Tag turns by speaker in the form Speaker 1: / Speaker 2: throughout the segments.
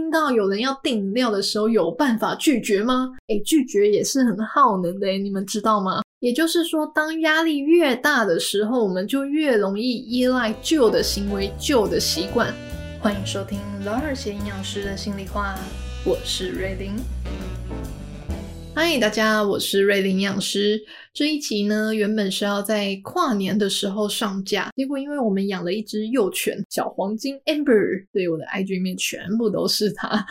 Speaker 1: 聽到有人要訂飲料的時候，有辦法拒絕嗎？哎，拒絕也是很耗能的哎，你們知道嗎？也就是說，當壓力越大的時候，我們就越容易依賴舊的行為、舊的習慣。歡迎收聽老二些營養師的心裡話，我是瑞玲。嗨，大家，我是瑞玲營養師。這一集呢，原本是要在跨年的時候上架，結果因為我們養了一隻幼犬小黃金 Amber，對，我的 IG 面全部都是它，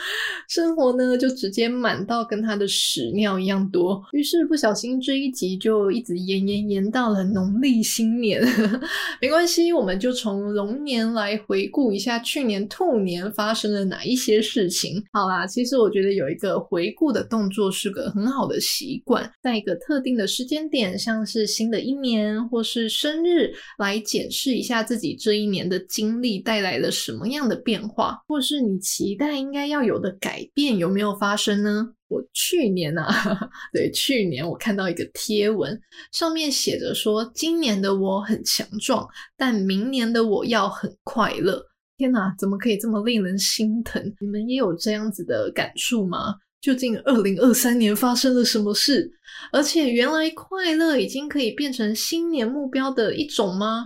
Speaker 1: 生活呢，就直接滿到跟它的屎尿一樣多，於是不小心這一集就一直延延延到了農曆新年。 沒關係，我們就從龍年來回顧一下去年兔年發生了哪一些事情。好啦，其實我覺得有一個回顧的動作是個很好的習慣，在一個特定的時間。點像是新的一年或是生日，來檢視一下自己這一年的經歷帶來了什麼樣的變化，或是你期待應該要有的改變有沒有發生呢？我去年吶、啊， 對，去年我看到一個貼文，上面寫着說，今年的我很強壯，但明年的我要很快樂。天哪，怎麼可以這麼令人心疼？你們也有這樣子的感觸嗎？究竟二零二三年發生了什麼事？而且，原來快樂已經可以變成新年目標的一種嗎？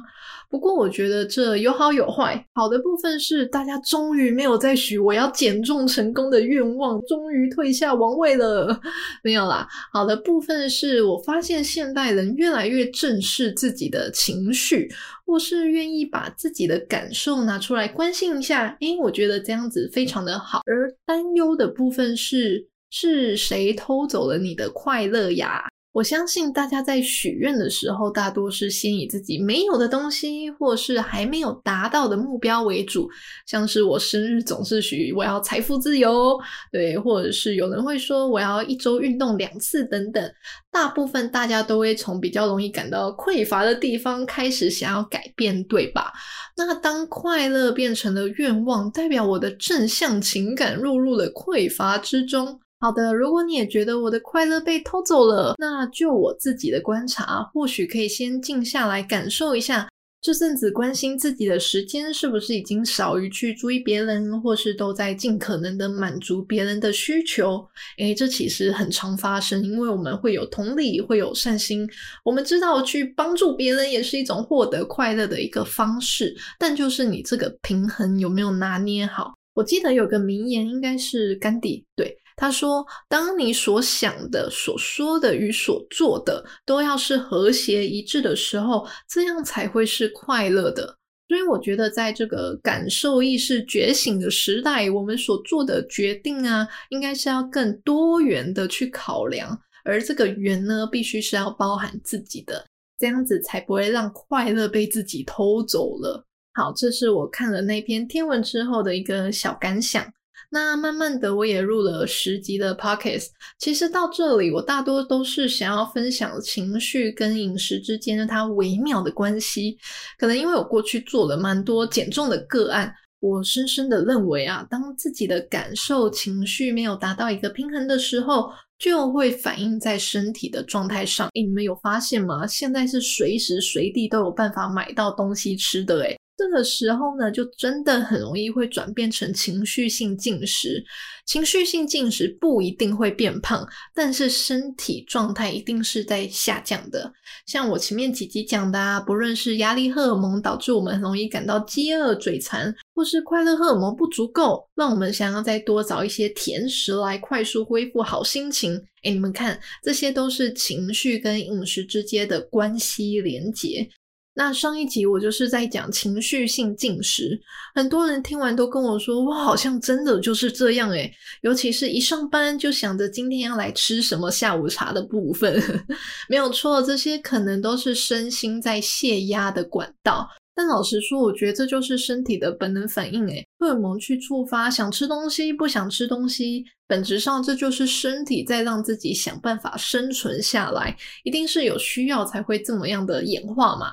Speaker 1: 不過我覺得這有好有壞，好的部分是大家終於沒有再許我要減重成功的願望，終於退下王位了，沒有啦。好的部分是我發現現代人越來越正視自己的情緒，或是願意把自己的感受拿出來關心一下，誒，我覺得這樣子非常的好。而擔憂的部分是，是誰偷走了你的快樂呀？我相信大家在許願的時候，大多是先以自己沒有的東西，或是還沒有達到的目標為主，像是我生日總是許我要財富自由，對，或者是有人會說我要一周運動兩次等等。大部分大家都會從比較容易感到匱乏的地方開始想要改變，對吧？那當快樂變成了願望，代表我的正向情感落入了匱乏之中。好的，如果你也覺得我的快樂被偷走了，那就我自己的觀察，或許可以先靜下來感受一下，這陣子關心自己的時間是不是已經少於去注意別人，或是都在盡可能的滿足別人的需求？誒，這其實很常發生，因為我們會有同理，會有善心，我們知道去幫助別人也是一種獲得快樂的一個方式，但就是你這個平衡有沒有拿捏好？我記得有個名言，應該是甘地，對。他說：“當你所想的、所說的與所做的都要是和諧一致的時候，這樣才會是快樂的。所以，我覺得在這個感受意識覺醒的時代，我們所做的決定啊，應該是要更多元的去考量，而這個元呢，必須是要包含自己的，這樣子才不會讓快樂被自己偷走了。”好，這是我看了那篇天文之後的一個小感想。那慢慢的我也入了十集的 podcast，其實到這裡我大多都是想要分享情緒跟飲食之間的它微妙的關係。可能因為我過去做了蠻多減重的個案，我深深的認為啊，當自己的感受情緒沒有達到一個平衡的時候，就會反映在身體的狀態上。誒，你們有發現嗎？現在是隨時隨地都有辦法買到東西吃的欸。這個時候呢，就真的很容易會轉變成情緒性進食。情緒性進食不一定會變胖，但是身體狀態一定是在下降的。像我前面幾集講的啊，不論是壓力荷爾蒙導致我們很容易感到飢餓嘴饞，或是快樂荷爾蒙不足夠，讓我們想要再多找一些甜食來快速恢復好心情。誒，你們看，這些都是情緒跟飲食之間的關係連結。那上一集我就是在講情緒性進食，很多人聽完都跟我說，哇，好像真的就是這樣哎。尤其是一上班就想着今天要來吃什麼下午茶的部分， 沒有錯，這些可能都是身心在洩壓的管道。但老實說，我覺得這就是身體的本能反應哎，荷爾蒙去觸發想吃東西、不想吃東西，本質上這就是身體在讓自己想辦法生存下來，一定是有需要才會這麼樣的演化嘛。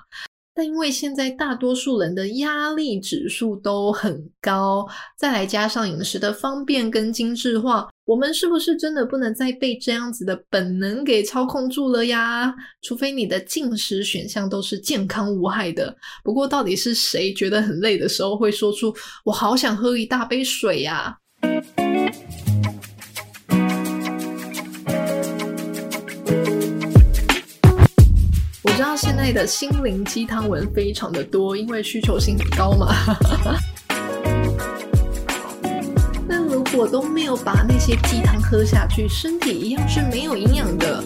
Speaker 1: 但因為現在大多數人的壓力指數都很高，再來加上飲食的方便跟精緻化，我們是不是真的不能再被這樣子的本能給操控住了呀？除非你的進食選項都是健康無害的。不過，到底是誰覺得很累的時候會說出“我好想喝一大杯水呀”？到現在的心靈雞湯文非常的多，因為需求性很高嘛。那如果都沒有把那些雞湯喝下去，身體一樣是沒有營養的。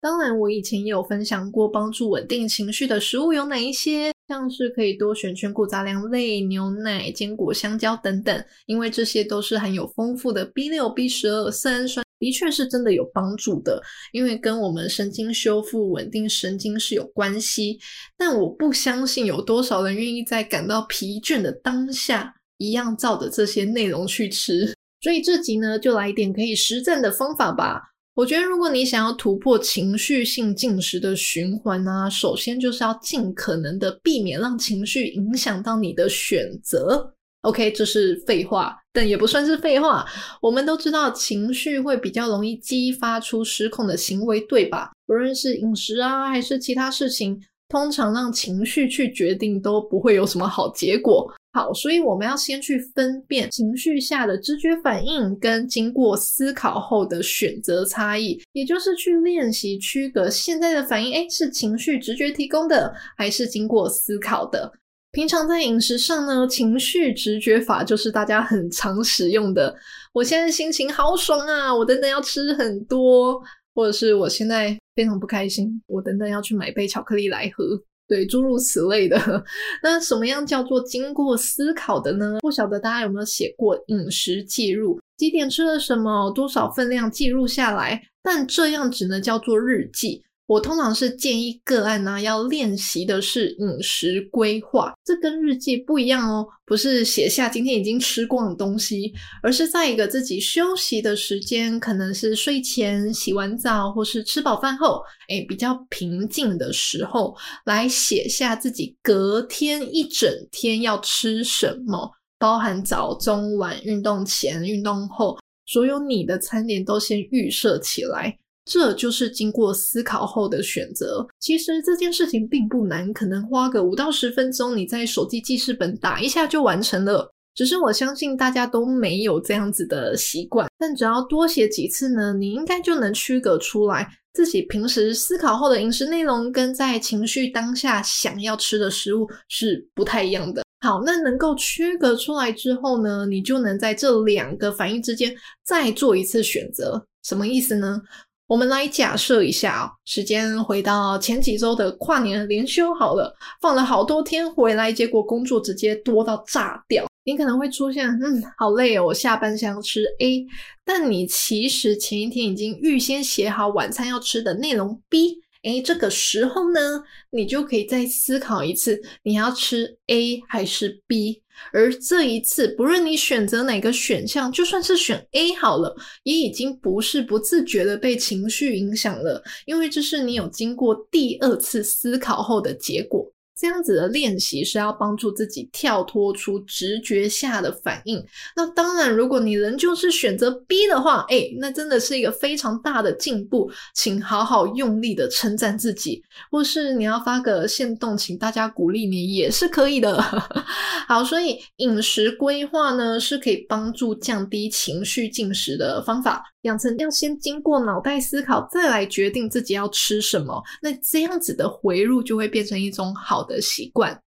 Speaker 1: 當然，我以前也有分享過，幫助穩定情緒的食物有哪一些？像是可以多選全穀雜糧類、牛奶、堅果、香蕉等等，因為這些都是含有豐富的 B 六、B 十二、色氨酸。的確是真的有幫助的，因為跟我們神經修復、穩定神經是有關係。但我不相信有多少人願意在感到疲倦的當下，一樣照着這些內容去吃。所以這集呢，就來一點可以實戰的方法吧。我覺得，如果你想要突破情緒性進食的循環呢、啊，首先就是要盡可能的避免讓情緒影響到你的選擇。OK，這是廢話。也不算是廢話。我們都知道，情緒會比較容易激發出失控的行為，對吧？不論是飲食啊，還是其他事情，通常讓情緒去決定都不會有什麼好結果。好，所以我們要先去分辨情緒下的直覺反應跟經過思考後的選擇差異，也就是去練習區隔現在的反應，哎，是情緒直覺提供的，還是經過思考的？平常在飲食上呢，情緒直覺法就是大家很常使用的。我現在心情好爽啊，我等等要吃很多，或者是我現在非常不開心，我等等要去買杯巧克力來喝，對，諸如此類的。那什麼樣叫做經過思考的呢？不曉得大家有沒有寫過飲食記錄，幾點吃了什麼，多少份量記錄下來。但這樣只能叫做日記。我通常是建議個案呢、啊、要練習的是飲食規劃，這跟日記不一樣哦，不是寫下今天已經吃過的東西，而是在一個自己休息的時間，可能是睡前洗完澡或是吃飽飯後，誒、欸、比較平靜的時候，來寫下自己隔天一整天要吃什麼，包含早中晚、運動前、運動後，所有你的餐點都先預設起來。這就是經過思考後的選擇。其實這件事情並不難，可能花個五到十分鐘，你在手機記事本打一下就完成了。只是我相信大家都沒有這樣子的習慣。但只要多寫幾次呢，你應該就能區隔出來自己平時思考後的飲食內容，跟在情緒當下想要吃的食物是不太一樣的。好，那能夠區隔出來之後呢，你就能在這兩個反應之間再做一次選擇。什麼意思呢？我們來假設一下啊、哦，時間回到前幾周的跨年連休好了，放了好多天回來，結果工作直接多到炸掉。你可能會出現，嗯，好累哦，我下班想吃 A，但你其實前一天已經預先寫好晚餐要吃的內容 B。哎，這個時候呢，你就可以再思考一次，你要吃 A 還是 B？而這一次，不論你選擇哪個選項，就算是選 A 好了，也已經不是不自覺的被情緒影響了，因為這是你有經過第二次思考後的結果。這樣子的練習是要幫助自己跳脫出直覺下的反應。那當然，如果你仍舊是選擇 B 的話，哎、欸，那真的是一個非常大的進步，請好好用力的稱讚自己，或是你要發個限動，請大家鼓勵你也是可以的。 好，所以飲食規劃呢，是可以幫助降低情緒進食的方法。養成要先經過腦袋思考，再來決定自己要吃什麼，那這樣子的回路就會變成一種好的習慣。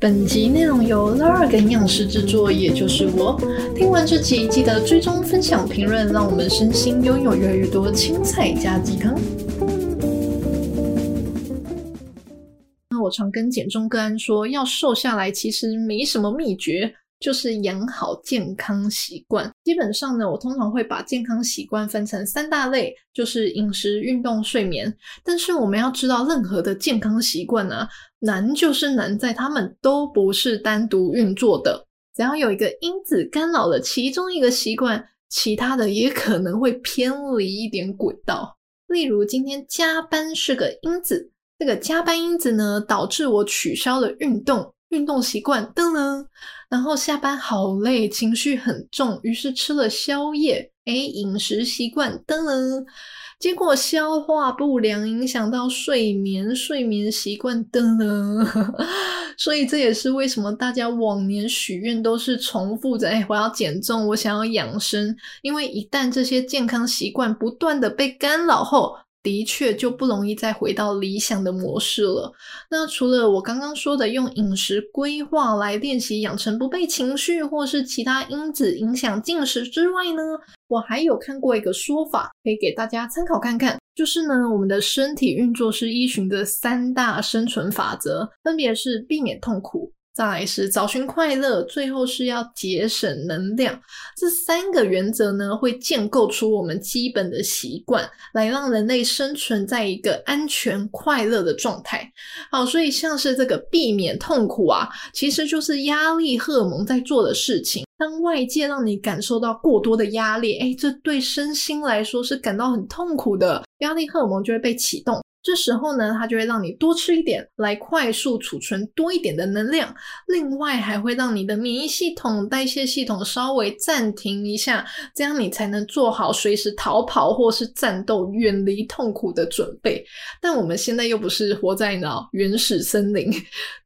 Speaker 1: 本集內容由拉爾給營養師制作，也就是我。聽完這集，記得追蹤、分享、評論，讓我們身心擁有越來越多青菜加雞湯。那我常跟減重個案說，要瘦下來其實沒什麼秘訣。就是養好健康習慣。基本上呢，我通常會把健康習慣分成三大類，就是飲食、運動、睡眠。但是我們要知道，任何的健康習慣呢，難就是難在它們都不是單獨運作的。只要有一個因子干擾了其中一個習慣，其他的也可能會偏離一點軌道。例如，今天加班是個因子，這個加班因子呢，導致我取消了運動。運動習慣噔噔，然後下班好累，情緒很重，於是吃了宵夜，誒，飲食習慣噔噔，結果消化不良，影響到睡眠，睡眠習慣噔噔， 所以這也是為什麼大家往年許願都是重複着，誒，我要減重，我想要養生，因為一旦這些健康習慣不斷的被干擾後。的確就不容易再回到理想的模式了。那除了我剛剛說的用飲食規劃來練習養成不被情緒或是其他因子影響進食之外呢，我還有看過一個說法，可以給大家參考看看。就是呢，我們的身體運作是依循的三大生存法則，分別是避免痛苦。再來是找尋快樂，最後是要節省能量。這三個原則呢，會建構出我們基本的習慣，來讓人類生存在一個安全快樂的狀態。好，所以像是這個避免痛苦啊，其實就是壓力荷爾蒙在做的事情。當外界讓你感受到過多的壓力，哎，這對身心來說是感到很痛苦的，壓力荷爾蒙就會被啟動。這時候呢，它就會讓你多吃一點，來快速儲存多一點的能量。另外，還會讓你的免疫系統、代謝系統稍微暫停一下，這樣你才能做好隨時逃跑或是戰鬥、遠離痛苦的準備。但我們現在又不是活在那原始森林，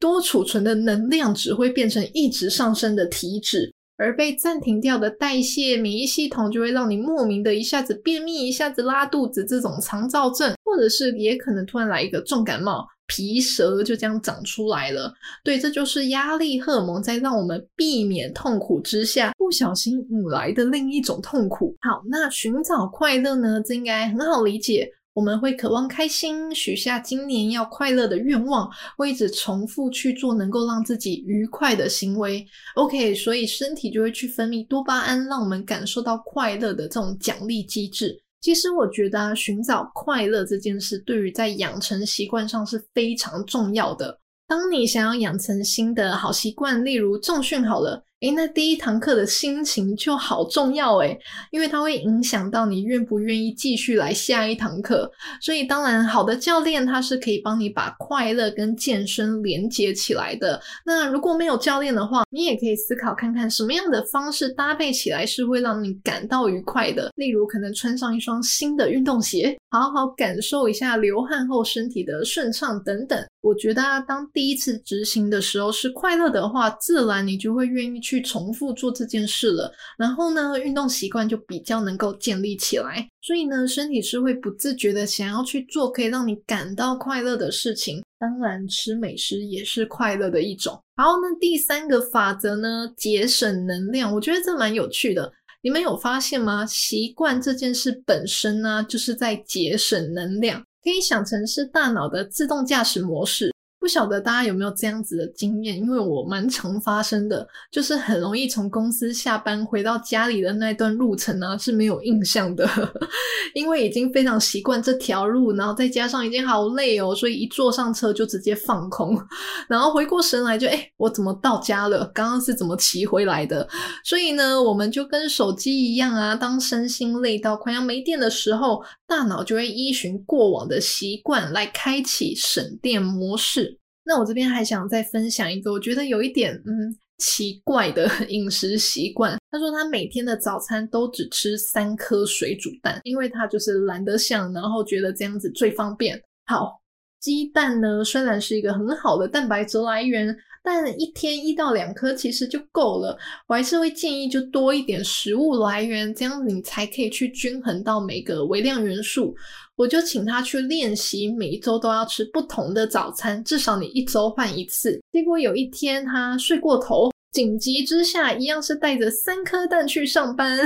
Speaker 1: 多儲存的能量只會變成一直上升的體脂，而被暫停掉的代謝、免疫系統就會讓你莫名的一下子便秘，一下子拉肚子，這種腸燥症。或者是也可能突然來一個重感冒，皮蛇就這樣長出來了。對，這就是壓力荷爾蒙在讓我們避免痛苦之下，不小心引來的另一種痛苦。好，那尋找快樂呢？這應該很好理解。我們會渴望開心，許下今年要快樂的願望，會一直重複去做能夠讓自己愉快的行為。OK，所以身體就會去分泌多巴胺，讓我們感受到快樂的這種獎勵機制。其實我覺得啊，尋找快樂這件事對於在養成習慣上是非常重要的。當你想要養成新的好習慣，例如重訓好了，誒，那第一堂課的心情就好重要誒，因為它會影響到你願不願意繼續來下一堂課。所以當然，好的教練他是可以幫你把快樂跟健身連接起來的。那如果沒有教練的話，你也可以思考看看什麼樣的方式搭配起來是會讓你感到愉快的。例如，可能穿上一雙新的運動鞋，好好好感受一下流汗後身體的順暢等等。我覺得啊，當第一次執行的時候是快樂的話，自然你就會願意去。去重複做這件事了，然後呢，運動習慣就比較能夠建立起來。所以呢，身體是會不自覺的想要去做可以讓你感到快樂的事情。當然，吃美食也是快樂的一種。然後呢，第三個法則呢，節省能量。我覺得這蠻有趣的。你們有發現嗎？習慣這件事本身呢、啊，就是在節省能量，可以想成是大腦的自動駕駛模式。不曉得大家有沒有這樣子的經驗，因為我蠻常發生的，就是很容易從公司下班回到家裡的那段路程啊，是沒有印象的， 因為已經非常習慣這條路，然後再加上已經好累哦，所以一坐上車就直接放空，然後回過神來就哎、欸，我怎麼到家了？剛剛是怎麼騎回來的？所以呢，我們就跟手機一樣啊，當身心累到快要沒電的時候，大腦就會依循過往的習慣來開啟省電模式。那我這邊還想再分享一個，我覺得有一點嗯奇怪的飲食習慣。他說他每天的早餐都只吃三顆水煮蛋，因為他就是懶得想，然後覺得這樣子最方便。好。雞蛋呢，雖然是一個很好的蛋白質來源，但一天一到兩顆其實就夠了。我還是會建議就多一點食物來源，這樣你才可以去均衡到每個微量元素。我就請他去練習，每一周都要吃不同的早餐，至少你一周換一次。結果有一天他睡過頭，緊急之下一樣是帶着三顆蛋去上班。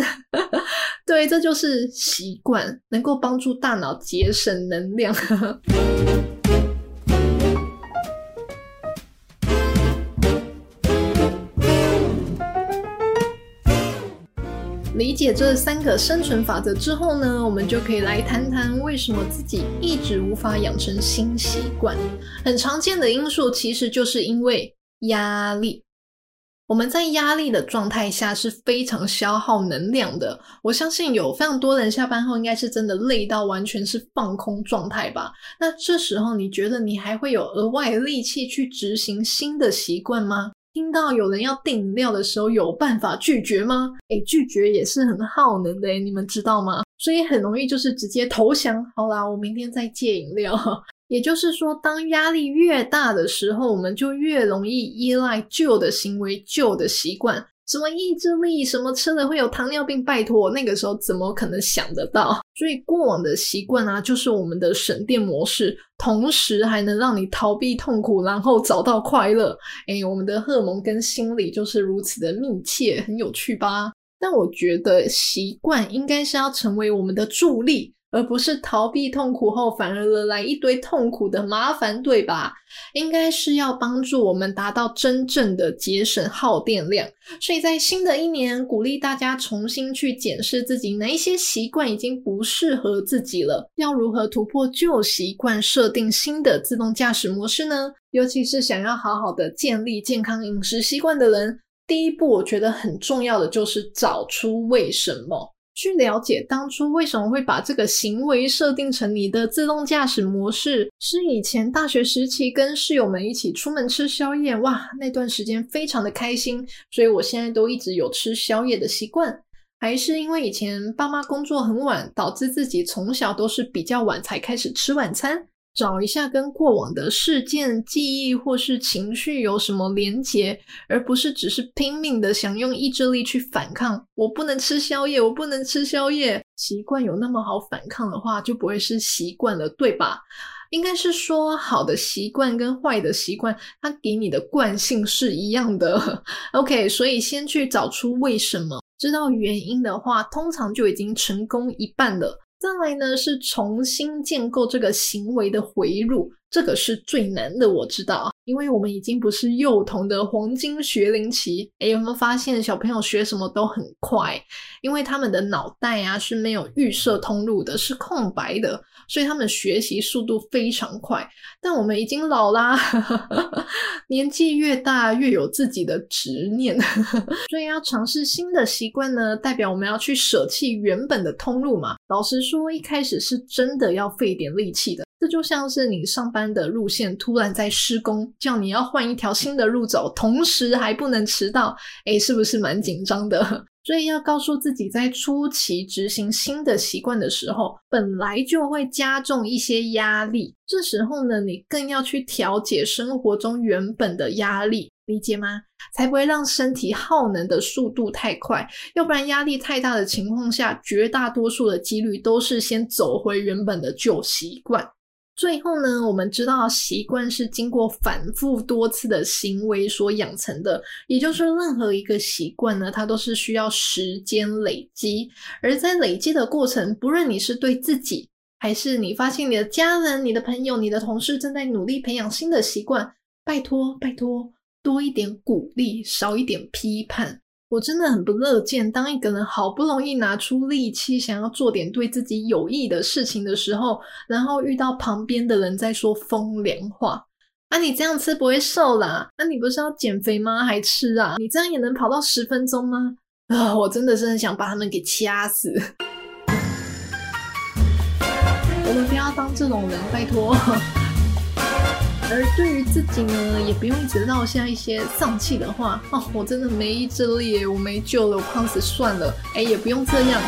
Speaker 1: 對，這就是習慣，能夠幫助大腦節省能量。 理解這三個生存法則之後呢，我們就可以來談談為什麼自己一直無法養成新習慣。很常見的因素其實就是因為壓力。我們在壓力的狀態下是非常消耗能量的。我相信有非常多人下班後應該是真的累到完全是放空狀態吧？那這時候你覺得你還會有額外力氣去執行新的習慣嗎？聽到有人要訂飲料的時候，有辦法拒絕嗎？哎，拒絕也是很耗能的，哎，你們知道嗎？所以很容易就是直接投降。好啦，我明天再戒飲料。也就是說，當壓力越大的時候，我們就越容易依賴舊的行為、舊的習慣。什麼意志力，什麼吃了會有糖尿病？拜托，那個時候怎麼可能想得到？所以過往的習慣啊，就是我們的省電模式，同時還能讓你逃避痛苦，然後找到快樂。誒，我們的荷爾蒙跟心理就是如此的密切，很有趣吧？但我覺得習慣應該是要成為我們的助力。而不是逃避痛苦後，反而惹來一堆痛苦的麻煩，對吧？應該是要幫助我們達到真正的節省耗電量。所以在新的一年，鼓勵大家重新去檢視自己哪一些習慣已經不適合自己了，要如何突破舊習慣，設定新的自動駕駛模式呢？尤其是想要好好的建立健康飲食習慣的人，第一步我覺得很重要的就是找出為什麼。去了解當初為什麼會把這個行為設定成你的自動駕駛模式，是以前大學時期跟室友們一起出門吃宵夜，哇，那段時間非常的開心，所以我現在都一直有吃宵夜的習慣。還是因為以前爸媽工作很晚，導致自己從小都是比較晚才開始吃晚餐？找一下跟過往的事件、記憶或是情緒有什麼連結，而不是只是拼命的想用意志力去反抗。我不能吃宵夜，我不能吃宵夜。習慣有那麼好反抗的話，就不會是習慣了，對吧？應該是說好的習慣跟壞的習慣，它給你的慣性是一樣的。OK，所以先去找出為什麼，知道原因的話，通常就已經成功一半了。再來呢，是重新建構這個行為的回路。這個是最難的，我知道，因為我們已經不是幼童的黃金學齡期。哎，有沒有發現小朋友學什麼都很快？因為他們的腦袋啊是沒有預設通路的，是空白的，所以他們學習速度非常快。但我們已經老啦， 年紀越大越有自己的執念， 所以要嘗試新的習慣呢，代表我們要去捨棄原本的通路嘛。老實說，一開始是真的要費點力氣的。這就像是你上班的路線突然在施工，叫你要換一條新的路走，同時還不能遲到，誒，是不是蠻緊張的？所以要告訴自己，在初期執行新的習慣的時候，本來就會加重一些壓力。這時候呢，你更要去調節生活中原本的壓力，理解嗎？才不會讓身體耗能的速度太快，要不然壓力太大的情況下，絕大多數的幾率都是先走回原本的舊習慣。最後呢，我們知道習慣是經過反覆多次的行為所養成的，也就是任何一個習慣呢，它都是需要時間累積。而在累積的過程，不論你是對自己，還是你發現你的家人、你的朋友、你的同事正在努力培養新的習慣，拜托，拜托，多一點鼓勵，少一點批判。我真的很不樂見，當一個人好不容易拿出力氣想要做點對自己有益的事情的時候，然後遇到旁邊的人在說風涼話。啊，你這樣吃不會瘦啦？那、啊、你不是要減肥嗎？還吃啊？你這樣也能跑到十分鐘嗎？啊，我真的是很想把他們給掐死。 我們不要當這種人，拜託。 而對於自己呢，也不用一直落下一些喪氣的話哦。我真的沒意志力，我沒救了，我胖死算了。誒，也不用這樣。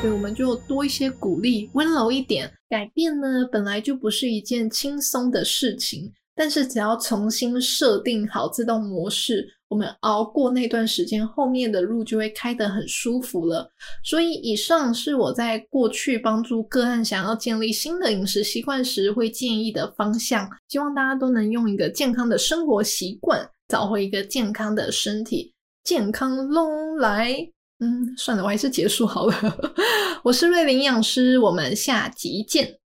Speaker 1: 所以我們就多一些鼓勵，溫柔一點。改變呢，本來就不是一件輕鬆的事情，但是只要重新設定好自動模式。我們熬過那段時間，後面的路就會開得很舒服了。所以，以上是我在過去幫助個案想要建立新的飲食習慣時會建議的方向。希望大家都能用一個健康的生活習慣，找回一個健康的身體，健康隆來。嗯，算了，我還是結束好了。 我是瑞林營養師，我們下集見。